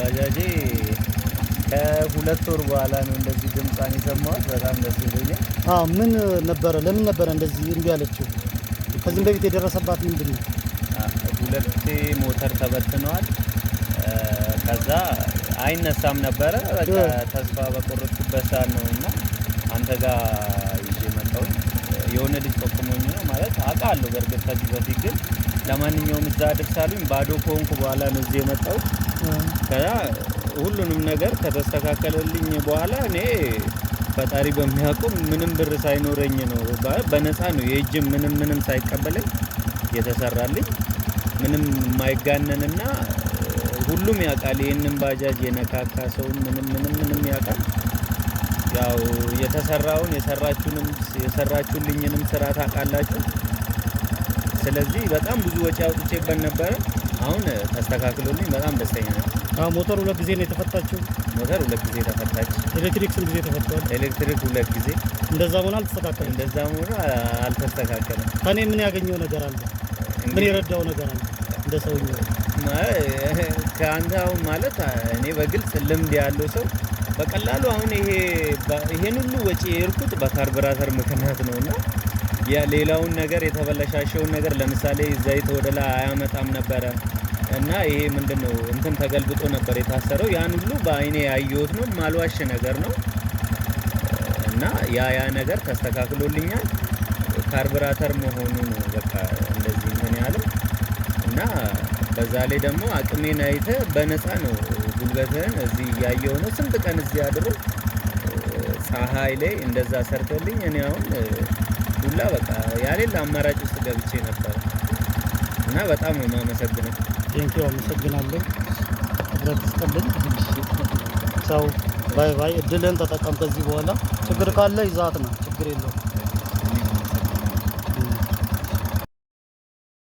ባጃጄ ከሁለት ወር በኋላ ነው እንደዚህ ድምጿን የሰማሁት። በጣም ደስ ይለኛል። አዎ ምን ነበረ? ለምን ነበረ እንደዚህ እምቢ አለችው? ከዚህም በፊት የደረሰባት ምንድን ነው? ሁለቴ ሞተር ተበትነዋል። ከዛ አይነሳም ነበረ። በቃ ተስፋ በቆረጥኩበት ሰዓት ነው እና አንተ ጋር ይዤ መጣሁ። የሆነ ልጅ ጠቁሞኝ ነው ማለት አውቃለሁ። በእርግጥ ከዚህ በፊት ግን ለማንኛውም እዛ አድርሳሉኝ። ባዶ ከሆንኩ በኋላ ነው እዚህ የመጣሁት። ከዛ ሁሉንም ነገር ከተስተካከለልኝ በኋላ እኔ ፈጣሪ በሚያውቁም ምንም ብር ሳይኖረኝ ነው በነፃ ነው የእጅ ምንም ምንም ሳይቀበለኝ የተሰራልኝ ምንም የማይጋነንና ሁሉም ያውቃል። ይህንን ባጃጅ የነካካ ሰው ምንም ምንም ምንም ያውቃል። ያው የተሰራውን የሰራችሁንም የሰራችሁልኝንም ስራ ታውቃላችሁ። ስለዚህ በጣም ብዙ ወጪ አውጥቼበት ነበረ። አሁን ተስተካክሎልኝ በጣም ደስተኛ ነው። ሞተር ሁለት ጊዜ ነው የተፈታችው። ሞተር ሁለት ጊዜ ተፈታች። ኤሌክትሪክ ስንት ጊዜ ተፈቷል? ኤሌክትሪክ ሁለት ጊዜ። እንደዛ ሆነ አልተስተካከለም። እንደዛ ሆነ አልተስተካከለም። ከኔ ምን ያገኘው ነገር አለ? ምን የረዳው ነገር አለ? እንደ ሰውዬው ከአንተ አሁን ማለት እኔ በግልጽ ልምድ ያለው ሰው በቀላሉ አሁን ይሄ ይሄን ሁሉ ወጪ የሄድኩት በካርብራተር ምክንያት ነውና ሌላውን ነገር የተበለሻሸውን ነገር ለምሳሌ ዘይት ወደ ላይ አያመጣም ነበረ እና ይሄ ምንድን ነው እንትን ተገልብጦ ነበር የታሰረው። ያን ሁሉ በአይኔ ያየሁት ነው ማልዋሽ ነገር ነው እና ያ ያ ነገር ተስተካክሎልኛል። ካርብራተር መሆኑ ነው በቃ እንደዚህ እንትን ያለው እና በዛ ላይ ደግሞ አቅሜን አይተህ በነፃ ነው ጉልበትህን እዚህ እያየሁ ነው ስንት ቀን እዚህ አድሮ ፀሐይ ላይ እንደዛ ሰርቶልኝ እኔ አሁን ዱላ በቃ ያሌለ አማራጭ ውስጥ ገብቼ ነበር እና በጣም ነው የማመሰግነው። ቴንኪው አመሰግናለሁ። እብረት ስጥልኝ። ሰው ባይ ባይ። እድልን ተጠቀም። ከዚህ በኋላ ችግር ካለ ይዛት ነው ችግር የለውም።